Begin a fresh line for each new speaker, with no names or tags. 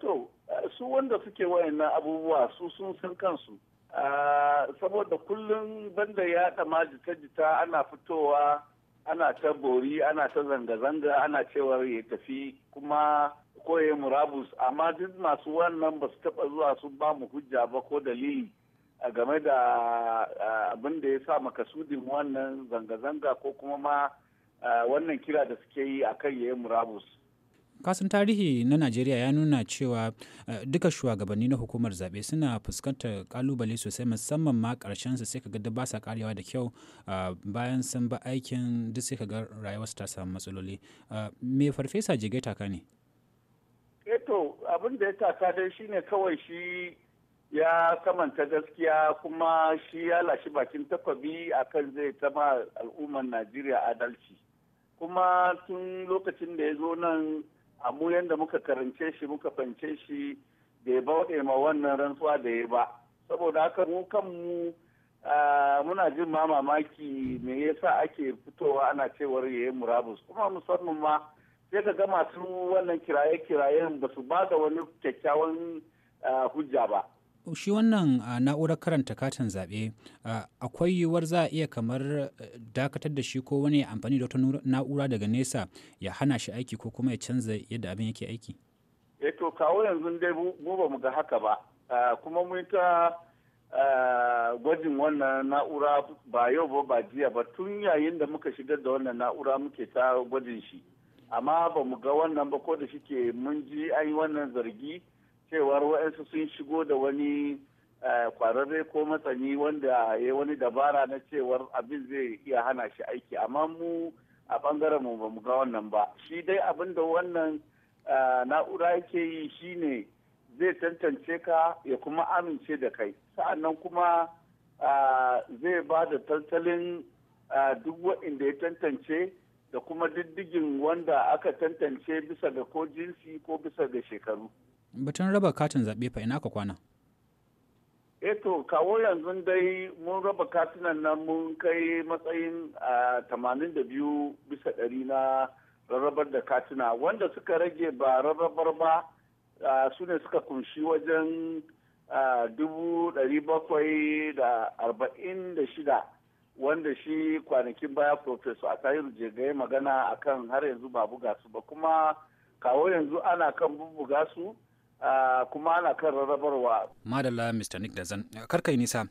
to eh, su wanda suke wayannan abubuwa su sun san kansu ah, saboda kullum banda ya ma jita-jita ana fitowa ana ta bori ana ta zanga-zanga ana cewa ya tafi kuma koye murabus amma duk masu wannan ba su taba zuwa sun ba mu hujja ba ko dalili a game da ah, abin da ya sa makasudin wannan zanga-zanga ko kuma ma ah, wannan kira da suke yi akan kan yayi murabus
kasan tarihi na najeriya ya nuna cewa eh, duka shugabanni na hukumar zaɓe suna fuskantar kalubale sosai musamman ma karshen su sai kaga da ba sa karewa da kyau ah, bayan sun ba aikin duk sai kaga rayuwarsu ta samu matsaloli ah, me farfesa jigai taka ne
eto eh abin da ya taka dai shine kawai shi ya kamanta gaskiya kuma shi ya lashi bakin takwabi akan zai zama al'ummar najeriya adalci kuma tun lokacin da ya zo nan a mu yadda muka karance shi muka fance shi bai bauɗe ma wannan rantsuwa da ya ba saboda haka mu kanmu muna jin ma mamaki me yasa ake fitowa ana cewar ya yi murabus kuma musamman ma sai ka ga masu wannan kiraye-kirayen ba su ba da wani kyakkyawan hujja ba
shi wannan na'urar karanta katin zaɓe akwai yiwuwar za a iya kamar eh, dakatar da shi ko wani amfani da wata na'ura daga nesa ya hana shi aiki ko kuma ya canza yadda abin yake aiki?
E to kawo yanzu dai mu ba mu ga haka ba kuma mun ta gwajin wannan na'ura ba yau ba ba jiya ba tun yayin da muka shigar da wannan na'ura muke ta gwajin shi amma ba mu ga wannan ba ko da shike mun ji an yi wannan zargi. cewar wa'ansu sun shigo da wani eh, kwararre ko matsani wanda ya wani dabara na cewar abin zai iya hana shi aiki amma mu a bangaren mu bamu ga wannan ba shi dai abin da wannan eh, na'ura yake yi shine zai tantance ka ya kuma amince da kai sa'annan kuma eh, zai ba da tattalin duk waɗanda ya tantance da kuma diddigin wanda aka tantance bisa ga ko jinsi ko bisa ga shekaru
batun raba katin zaɓe fa ina ka kwana
eto eh kawo yanzu dai mun raba katunan nan mun kai matsayin tamanin da biyu bisa ɗari na rarrabar da katuna wanda suka rage ba rarrabar ba su ne suka kunshi wajen dubu ɗari bakwai da arba'in da shida wanda shi kwanakin baya professor a jega ya magana akan har yanzu ba buga su ba kuma kawo yanzu ana kan bubuga su Ah, kuma ana kan rarrabarwa.
Madalla Mr. Nick Dazan, karkai nisa